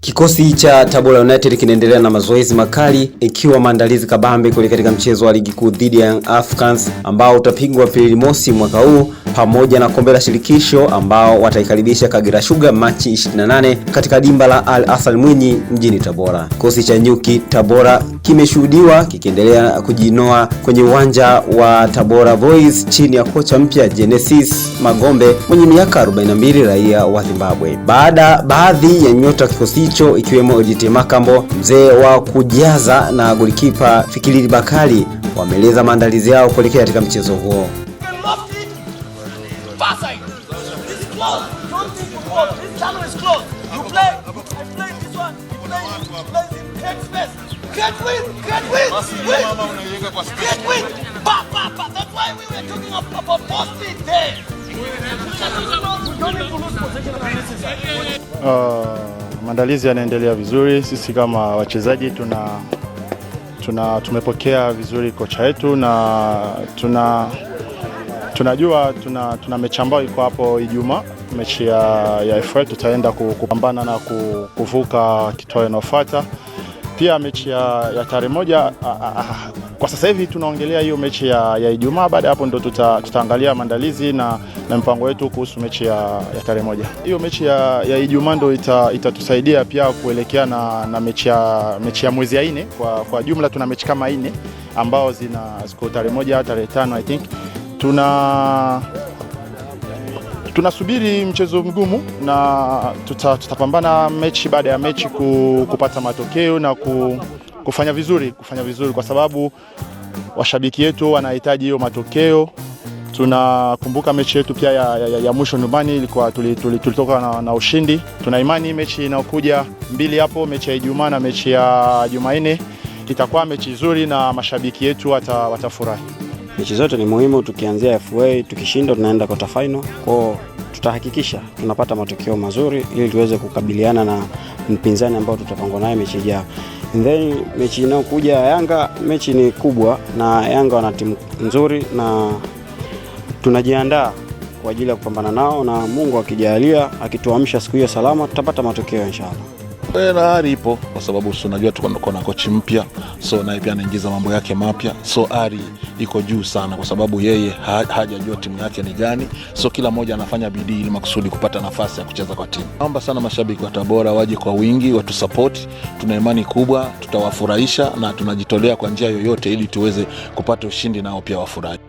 Kikosi cha Tabora United kinaendelea na mazoezi makali ikiwa maandalizi kabambe kule katika mchezo wa ligi kuu dhidi ya Young Africans ambao utapigwa Aprili mosi mwaka huu pamoja na kombe la shirikisho ambao wataikaribisha Kagera Sugar Machi 28 katika dimba la Al Asal Mwinyi mjini Tabora. Kikosi cha Nyuki Tabora kimeshuhudiwa kikiendelea kujinoa kwenye uwanja wa Tabora Boys chini ya kocha mpya Genesis Magombe mwenye miaka 42 raia wa Zimbabwe. Baada baadhi ya nyota kikosi hicho ikiwemo Odit Makambo, mzee wa kujaza na golikipa Fikiri Bakali wameeleza maandalizi yao kuelekea katika mchezo huo. Uh, maandalizi yanaendelea vizuri. Sisi kama wachezaji tuna, tuna tumepokea vizuri kocha wetu na tuna tunajua tuna, tuna mechi ambayo iko hapo Ijumaa, mechi ya, ya FA tutaenda kupambana na kuvuka kitoa inayofuata. Pia mechi ya, ya tarehe moja a, a, a, kwa sasa hivi tunaongelea hiyo mechi ya, ya Ijumaa. Baada ya hapo ndo tuta, tutaangalia maandalizi na, na mpango wetu kuhusu mechi ya, ya tarehe moja. Hiyo mechi ya, ya Ijumaa ndo itatusaidia ita pia kuelekea na, na mechi ya, mechi ya mwezi ya nne. Kwa, kwa jumla tuna mechi kama nne ambao zina ziko tarehe moja tarehe tano I think tuna Tunasubiri mchezo mgumu na tutapambana tuta mechi baada ya mechi ku, kupata matokeo na ku, kufanya vizuri kufanya vizuri kwa sababu washabiki wetu wanahitaji hiyo matokeo. Tunakumbuka mechi yetu pia ya, ya, ya mwisho nyumbani ilikuwa tulitoka tuli, tuli na, na ushindi. Tuna imani mechi inayokuja mbili hapo, mechi ya Ijumaa na mechi ya Jumanne itakuwa mechi nzuri na mashabiki yetu watafurahi. Mechi zote ni muhimu, tukianzia FA tukishinda tunaenda quarter final kwao tutahakikisha tunapata matokeo mazuri ili tuweze kukabiliana na mpinzani ambao tutapangwa naye mechi ijayo. Then mechi inayokuja ya Yanga, mechi ni kubwa na Yanga wana timu nzuri na tunajiandaa kwa ajili ya kupambana nao, na Mungu akijalia, akituamsha siku hiyo salama, tutapata matokeo inshallah na ari ipo kwa sababu unajua tukona na kochi mpya, so naye pia anaingiza mambo yake mapya, so ari iko juu sana, kwa sababu yeye ha, hajajua timu yake ni gani, so kila mmoja anafanya bidii ili makusudi kupata nafasi ya kucheza kwa timu. Naomba sana mashabiki wa Tabora waje kwa wingi, watusapoti. Tuna imani kubwa tutawafurahisha, na tunajitolea kwa njia yoyote ili tuweze kupata ushindi, nao pia wafurahi.